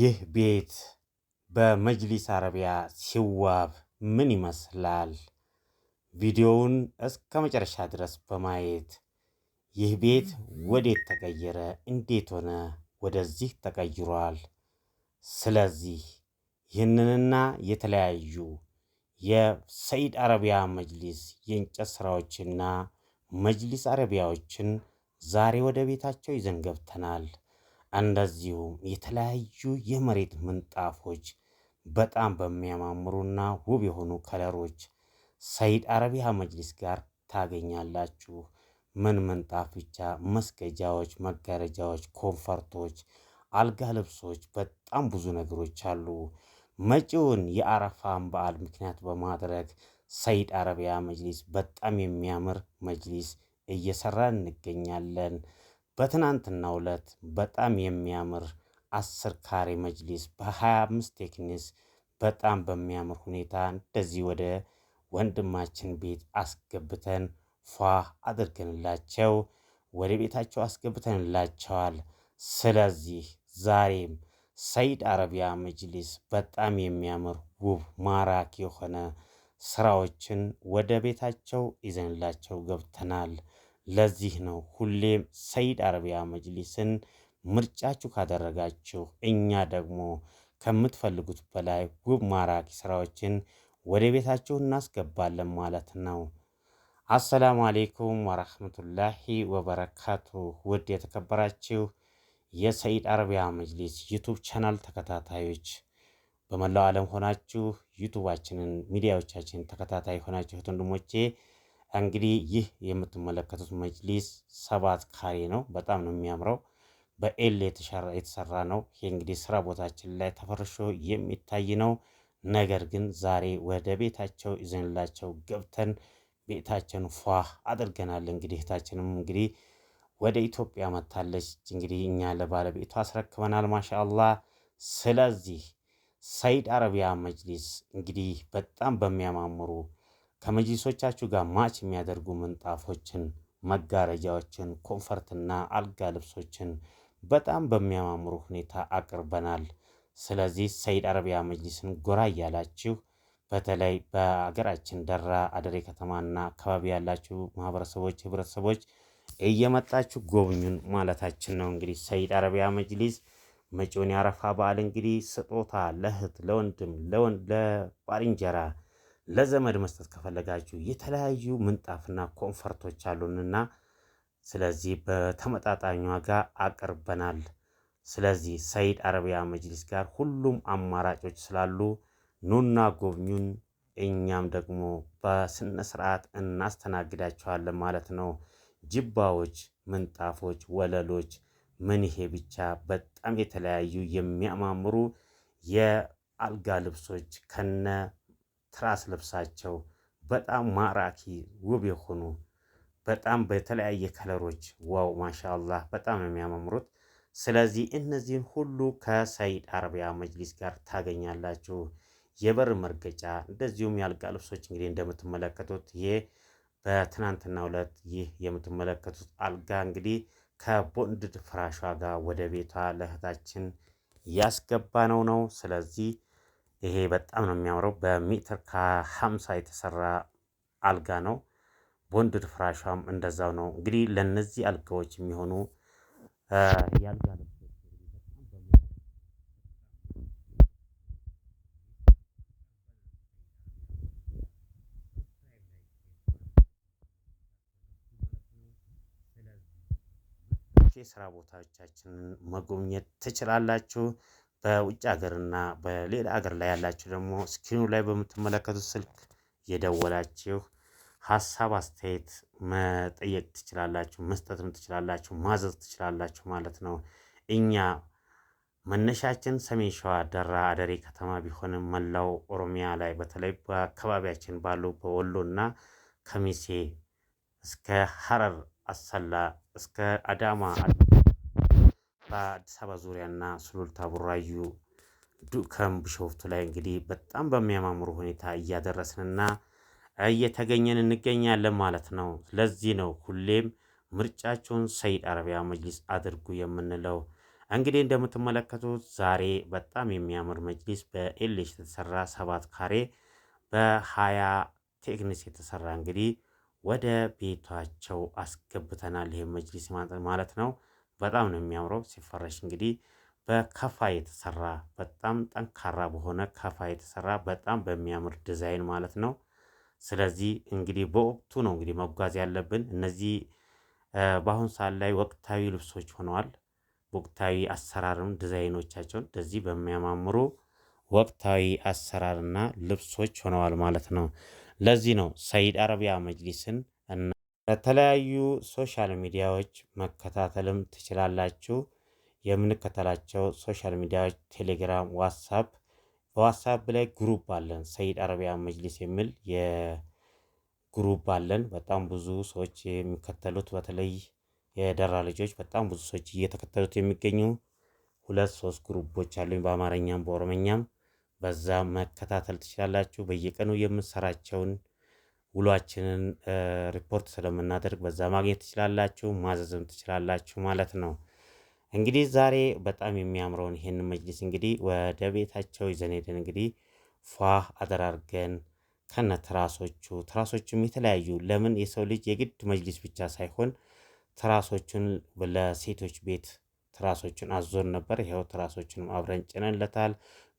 ይህ ቤት በመጅሊስ አረቢያ ሲዋብ ምን ይመስላል? ቪዲዮውን እስከ መጨረሻ ድረስ በማየት ይህ ቤት ወዴት ተቀየረ? እንዴት ሆነ? ወደዚህ ተቀይሯል። ስለዚህ ይህንንና የተለያዩ የሰይድ አረቢያ መጅሊስ የእንጨት ስራዎችና መጅሊስ አረቢያዎችን ዛሬ ወደ ቤታቸው ይዘን ገብተናል። እንደዚሁም የተለያዩ የመሬት ምንጣፎች በጣም በሚያማምሩና ውብ የሆኑ ከለሮች ሰይድ አረቢያ መጅሊስ ጋር ታገኛላችሁ። ምን ምንጣፍ ብቻ፣ መስገጃዎች፣ መጋረጃዎች፣ ኮንፈርቶች፣ አልጋ ልብሶች፣ በጣም ብዙ ነገሮች አሉ። መጪውን የአረፋን በዓል ምክንያት በማድረግ ሰይድ አረቢያ መጅሊስ በጣም የሚያምር መጅሊስ እየሰራ እንገኛለን። በትናንትናው ዕለት በጣም የሚያምር አስር ካሬ መጅሊስ በ25 ቴክኒስ በጣም በሚያምር ሁኔታ እንደዚህ ወደ ወንድማችን ቤት አስገብተን ፏ አድርገንላቸው ወደ ቤታቸው አስገብተንላቸዋል። ስለዚህ ዛሬም ሰይድ አረቢያ መጅሊስ በጣም የሚያምር ውብ ማራኪ የሆነ ስራዎችን ወደ ቤታቸው ይዘንላቸው ገብተናል። ለዚህ ነው ሁሌም ሰይድ አረቢያ መጅሊስን ምርጫችሁ ካደረጋችሁ እኛ ደግሞ ከምትፈልጉት በላይ ውብ ማራኪ ስራዎችን ወደ ቤታችሁ እናስገባለን ማለት ነው። አሰላሙ አሌይኩም ወረህመቱላሂ ወበረካቱ። ውድ የተከበራችሁ የሰይድ አረቢያ መጅሊስ ዩቱብ ቻናል ተከታታዮች በመላው ዓለም ሆናችሁ ዩቱባችንን ሚዲያዎቻችን ተከታታይ ሆናችሁ ወንድሞቼ እንግዲህ ይህ የምትመለከቱት መጅሊስ ሰባት ካሬ ነው። በጣም ነው የሚያምረው። በኤል የተሰራ ነው። ይህ እንግዲህ ስራ ቦታችን ላይ ተፈርሾ የሚታይ ነው። ነገር ግን ዛሬ ወደ ቤታቸው ይዘንላቸው ገብተን ቤታችን ፏ አድርገናል። እንግዲህ እህታችንም እንግዲህ ወደ ኢትዮጵያ መታለች። እንግዲህ እኛ ለባለቤቱ አስረክበናል። ማሻአላ ስለዚህ ሰይድ አረቢያ መጅሊስ እንግዲህ በጣም በሚያማምሩ ከመጅሊሶቻችሁ ጋር ማች የሚያደርጉ ምንጣፎችን፣ መጋረጃዎችን፣ ኮንፈርትና አልጋ ልብሶችን በጣም በሚያማምሩ ሁኔታ አቅርበናል። ስለዚህ ሰይድ አረቢያ መጅሊስን ጎራ እያላችሁ በተለይ በሀገራችን ደራ አደሬ ከተማና አካባቢ ያላችሁ ማህበረሰቦች፣ ህብረተሰቦች እየመጣችሁ ጎብኙን ማለታችን ነው። እንግዲህ ሰይድ አረቢያ መጅሊስ መጪውን ያረፋ በዓል እንግዲህ ስጦታ ለእህት ለወንድም ለባልንጀራ ለዘመድ መስጠት ከፈለጋችሁ የተለያዩ ምንጣፍና ኮንፈርቶች አሉንና ስለዚህ በተመጣጣኝ ዋጋ አቅርበናል። ስለዚህ ሰይድ አረቢያ መጅሊስ ጋር ሁሉም አማራጮች ስላሉ ኑና ጎብኙን። እኛም ደግሞ በስነ ስርዓት እናስተናግዳቸዋለን ማለት ነው። ጅባዎች፣ ምንጣፎች፣ ወለሎች ምን ይሄ ብቻ በጣም የተለያዩ የሚያማምሩ የአልጋ ልብሶች ከነ ትራስ ልብሳቸው በጣም ማራኪ ውብ የሆኑ በጣም በተለያየ ከለሮች ዋው ማሻአላህ በጣም ነው የሚያማምሩት። ስለዚህ እነዚህን ሁሉ ከሰይድ አረቢያ መጅሊስ ጋር ታገኛላችሁ። የበር መርገጫ እንደዚሁም የአልጋ ልብሶች እንግዲህ እንደምትመለከቱት ይሄ በትናንትና ዕለት ይህ የምትመለከቱት አልጋ እንግዲህ ከቦንድድ ፍራሿ ጋር ወደ ቤቷ ለእህታችን ያስገባ ነው ነው ስለዚህ ይሄ በጣም ነው የሚያምረው። በሜትር ከሀምሳ የተሰራ አልጋ ነው። ቦንድድ ፍራሿም እንደዛው ነው። እንግዲህ ለነዚህ አልጋዎች የሚሆኑ የአልጋ የስራ ቦታዎቻችንን መጎብኘት ትችላላችሁ። በውጭ ሀገርና በሌላ ሀገር ላይ ያላችሁ ደግሞ ስክሪኑ ላይ በምትመለከቱት ስልክ የደወላችሁ ሀሳብ አስተያየት መጠየቅ ትችላላችሁ፣ መስጠትም ትችላላችሁ፣ ማዘዝ ትችላላችሁ ማለት ነው። እኛ መነሻችን ሰሜን ሸዋ ደራ አደሬ ከተማ ቢሆንም መላው ኦሮሚያ ላይ በተለይ በአካባቢያችን ባሉ እና ከሚሴ እስከ ሀረር አሰላ እስከ አዳማ በአዲስ አበባ ዙሪያና ሱሉልታ፣ ቡራዩ፣ ዱከም፣ ቢሾፍቱ ላይ እንግዲህ በጣም በሚያማምሩ ሁኔታ እያደረስንና እየተገኘን እንገኛለን ማለት ነው። ለዚህ ነው ሁሌም ምርጫቸውን ሰይድ አረቢያ መጅሊስ አድርጉ የምንለው። እንግዲህ እንደምትመለከቱት ዛሬ በጣም የሚያምር መጅሊስ በኤሌሽ የተሰራ ሰባት ካሬ በሀያ ቴክኒስ የተሰራ እንግዲህ ወደ ቤታቸው አስገብተናል። ይሄ መጅሊስ ማለት ነው። በጣም ነው የሚያምረው። ሲፈረሽ እንግዲህ በካፋ የተሰራ በጣም ጠንካራ በሆነ ካፋ የተሰራ በጣም በሚያምር ዲዛይን ማለት ነው። ስለዚህ እንግዲህ በወቅቱ ነው እንግዲህ መጓዝ ያለብን። እነዚህ በአሁን ሰዓት ላይ ወቅታዊ ልብሶች ሆነዋል። ወቅታዊ አሰራርም ዲዛይኖቻቸውን እንደዚህ በሚያማምሩ ወቅታዊ አሰራርና ልብሶች ሆነዋል ማለት ነው። ለዚህ ነው ሰይድ አረቢያ መጅሊስን እና በተለያዩ ሶሻል ሚዲያዎች መከታተልም ትችላላችሁ። የምንከተላቸው ሶሻል ሚዲያዎች ቴሌግራም፣ ዋትሳፕ። በዋትሳፕ ላይ ግሩፕ አለን። ሰይድ አረቢያ መጅሊስ የሚል የግሩፕ አለን። በጣም ብዙ ሰዎች የሚከተሉት በተለይ የደራ ልጆች በጣም ብዙ ሰዎች እየተከተሉት የሚገኙ ሁለት ሶስት ግሩፖች አሉኝ በአማርኛም በኦሮመኛም በዛ መከታተል ትችላላችሁ። በየቀኑ የምንሰራቸውን ውሏችንን ሪፖርት ስለምናደርግ በዛ ማግኘት ትችላላችሁ፣ ማዘዝም ትችላላችሁ ማለት ነው። እንግዲህ ዛሬ በጣም የሚያምረውን ይህን መጅሊስ እንግዲህ ወደ ቤታቸው ይዘን ሄደን እንግዲህ ፏ አደራርገን ከነ ትራሶቹ ትራሶቹም የተለያዩ ለምን የሰው ልጅ የግድ መጅሊስ ብቻ ሳይሆን ትራሶቹን ለሴቶች ቤት ትራሶቹን አዞን ነበር። ይኸው ትራሶቹንም አብረን ጭነንለታል።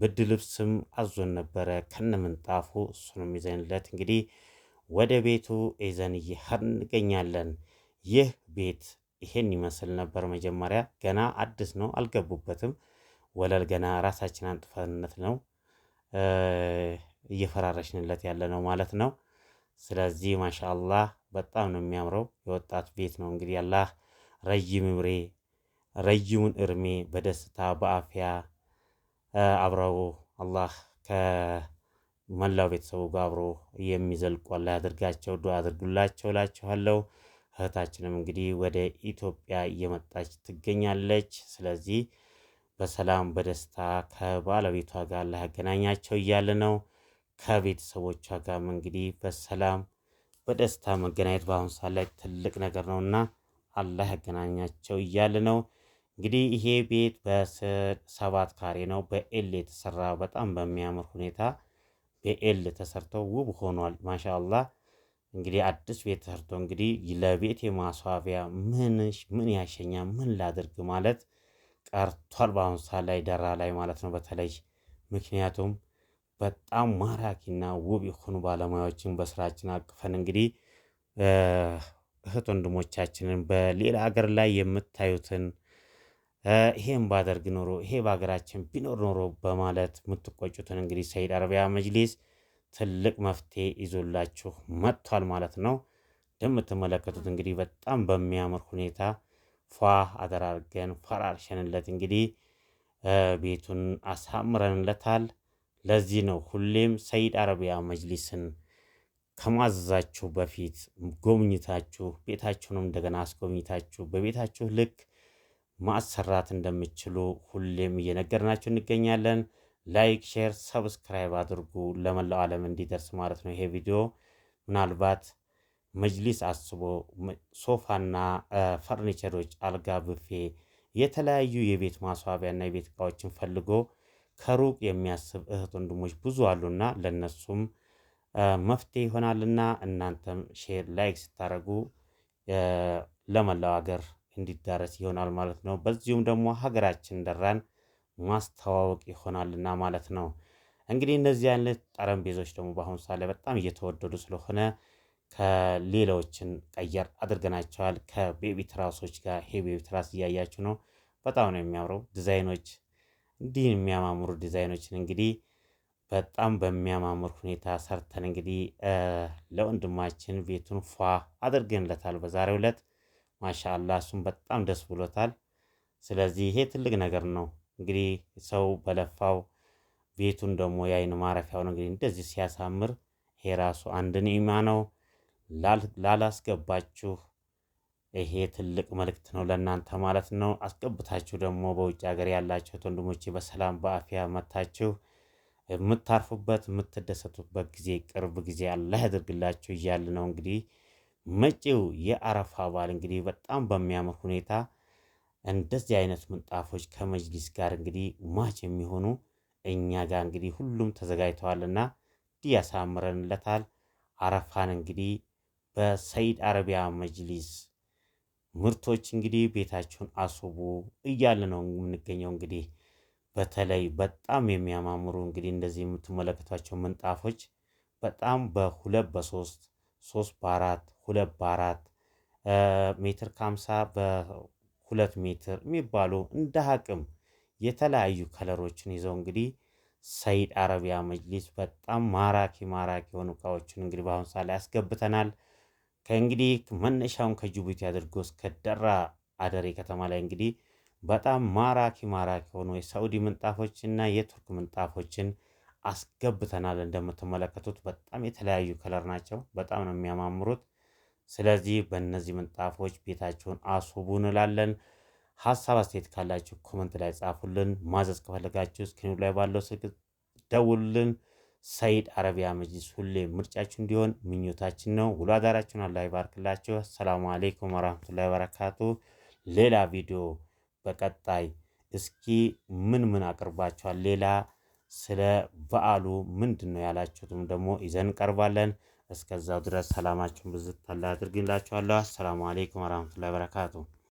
ብድ ልብስም አዞን ነበረ ከነ ምንጣፉ እሱንም ይዘንለት እንግዲህ ወደ ቤቱ ይዘን እየሄድን እንገኛለን። ይህ ቤት ይሄን ይመስል ነበር። መጀመሪያ ገና አዲስ ነው፣ አልገቡበትም። ወለል ገና ራሳችን አንጥፈንነት ነው እየፈራረሽንለት ያለ ነው ማለት ነው። ስለዚህ ማሻአላህ በጣም ነው የሚያምረው የወጣት ቤት ነው። እንግዲህ አላህ ረጅም እብሬ ረጅሙን እርሜ በደስታ በአፍያ አብረው አላህ መላው ቤተሰቡ ጋር አብሮ የሚዘልቁ አላህ ያድርጋቸው። ዱዓ አድርጉላቸው እላችኋለሁ። እህታችንም እንግዲህ ወደ ኢትዮጵያ እየመጣች ትገኛለች። ስለዚህ በሰላም በደስታ ከባለቤቷ ጋር አላህ ያገናኛቸው እያለ ነው። ከቤተሰቦቿ ጋርም እንግዲህ በሰላም በደስታ መገናኘት በአሁኑ ሰዓት ላይ ትልቅ ነገር ነውና አላህ ያገናኛቸው እያለ ነው። እንግዲህ ይሄ ቤት በሰባት ካሬ ነው በኤል የተሰራ በጣም በሚያምር ሁኔታ በኤል ተሰርተው ውብ ሆኗል። ማሻአላ እንግዲህ አዲስ ቤት ተሰርቶ እንግዲህ ለቤት የማስዋቢያ ምንሽ ምን ያሸኛ ምን ላድርግ ማለት ቀርቷል። በአሁኑ ሰዓት ላይ ደራ ላይ ማለት ነው በተለይ ምክንያቱም በጣም ማራኪና ውብ የሆኑ ባለሙያዎችን በስራችን አቅፈን እንግዲህ እህት ወንድሞቻችንን በሌላ ሀገር ላይ የምታዩትን ይሄም ባደርግ ኖሮ ይሄ በሀገራችን ቢኖር ኖሮ በማለት የምትቆጩትን እንግዲህ ሰይድ አረቢያ መጅሊስ ትልቅ መፍትሄ ይዞላችሁ መጥቷል ማለት ነው። እንደምትመለከቱት እንግዲህ በጣም በሚያምር ሁኔታ ፏ አደራርገን ፈራርሸንለት እንግዲህ ቤቱን አሳምረንለታል። ለዚህ ነው ሁሌም ሰይድ አረቢያ መጅሊስን ከማዘዛችሁ በፊት ጎብኝታችሁ ቤታችሁንም እንደገና አስጎብኝታችሁ በቤታችሁ ልክ ማሰራት እንደሚችሉ ሁሌም እየነገርናችሁ እንገኛለን። ላይክ፣ ሼር፣ ሰብስክራይብ አድርጉ ለመላው ዓለም እንዲደርስ ማለት ነው። ይሄ ቪዲዮ ምናልባት መጅሊስ አስቦ ሶፋና ፈርኒቸሮች፣ አልጋ፣ ብፌ፣ የተለያዩ የቤት ማስዋቢያና የቤት እቃዎችን ፈልጎ ከሩቅ የሚያስብ እህት ወንድሞች ብዙ አሉና ለነሱም መፍትሄ ይሆናልና እናንተም ሼር ላይክ ስታደርጉ ለመላው ሀገር እንዲዳረስ ይሆናል ማለት ነው። በዚሁም ደግሞ ሀገራችን ደራን ማስተዋወቅ ይሆናልና ማለት ነው። እንግዲህ እነዚህ አይነት ጠረጴዛዎች ደግሞ በአሁኑ ሰዓት ላይ በጣም እየተወደዱ ስለሆነ ከሌላዎችን ቀየር አድርገናቸዋል። ከቤቢ ትራሶች ጋር ይሄ ቤቢ ትራስ እያያችሁ ነው። በጣም ነው የሚያምረው ዲዛይኖች፣ እንዲህ የሚያማምሩ ዲዛይኖችን እንግዲህ በጣም በሚያማምር ሁኔታ ሰርተን እንግዲህ ለወንድማችን ቤቱን ፏ አድርገንለታል በዛሬው ዕለት። ማሻላ እሱም በጣም ደስ ብሎታል። ስለዚህ ይሄ ትልቅ ነገር ነው። እንግዲህ ሰው በለፋው ቤቱን ደግሞ የአይን ማረፊያው ነው እንግዲህ እንደዚህ ሲያሳምር፣ ይሄ ራሱ አንድ ኒዕማ ነው። ላላስገባችሁ ይሄ ትልቅ መልእክት ነው ለእናንተ ማለት ነው። አስገብታችሁ ደግሞ በውጭ ሀገር ያላችሁት ወንድሞቼ በሰላም በአፊያ መታችሁ የምታርፉበት የምትደሰቱበት ጊዜ ቅርብ ጊዜ አላህ ያደርግላችሁ እያል ነው እንግዲህ መጪው የአረፋ በዓል እንግዲህ በጣም በሚያምር ሁኔታ እንደዚህ አይነት ምንጣፎች ከመጅሊስ ጋር እንግዲህ ማች የሚሆኑ እኛ ጋር እንግዲህ ሁሉም ተዘጋጅተዋልና ያሳምረንለታል። አረፋን እንግዲህ በሰይድ አረቢያ መጅሊስ ምርቶች እንግዲህ ቤታችሁን አስቡ እያለ ነው የምንገኘው። እንግዲህ በተለይ በጣም የሚያማምሩ እንግዲህ እንደዚህ የምትመለከቷቸው ምንጣፎች በጣም በሁለት በሶስት ሶስት በአራት ሁለት በአራት ሜትር ከሀምሳ በሁለት ሜትር የሚባሉ እንደ አቅም የተለያዩ ከለሮችን ይዘው እንግዲህ ሰይድ አረቢያ መጅሊስ በጣም ማራኪ ማራኪ የሆኑ እቃዎችን እንግዲህ በአሁኑ ሰዓት ላይ ያስገብተናል። ከእንግዲህ መነሻውን ከጅቡቲ አድርጎ እስከ ደራ አደሬ ከተማ ላይ እንግዲህ በጣም ማራኪ ማራኪ የሆኑ የሳዑዲ ምንጣፎች የቱርክ ምንጣፎችን አስገብተናል። እንደምትመለከቱት በጣም የተለያዩ ከለር ናቸው። በጣም ነው የሚያማምሩት። ስለዚህ በእነዚህ ምንጣፎች ቤታችሁን አስውቡ እንላለን። ሀሳብ አስተያየት ካላችሁ ኮመንት ላይ ጻፉልን። ማዘዝ ከፈለጋችሁ ስክሪኑ ላይ ባለው ስልክ ደውሉልን። ሰይድ አረቢያ መጅሊስ ሁሌ ምርጫችሁ እንዲሆን ምኞታችን ነው። ውሎ አዳራችሁን አላህ ይባርክላችሁ። አሰላሙ አሌይኩም ወራህመቱላሂ ወበረካቱ። ሌላ ቪዲዮ በቀጣይ እስኪ ምን ምን አቅርባችኋል፣ ሌላ ስለ በዓሉ ምንድን ነው ያላችሁትም ደግሞ ይዘን እንቀርባለን። እስከዛው ድረስ ሰላማችሁን ብዙ ተላ አድርግላችኋለሁ። አሰላሙ አሌይኩም ወራህመቱላሂ ወበረካቱሁ።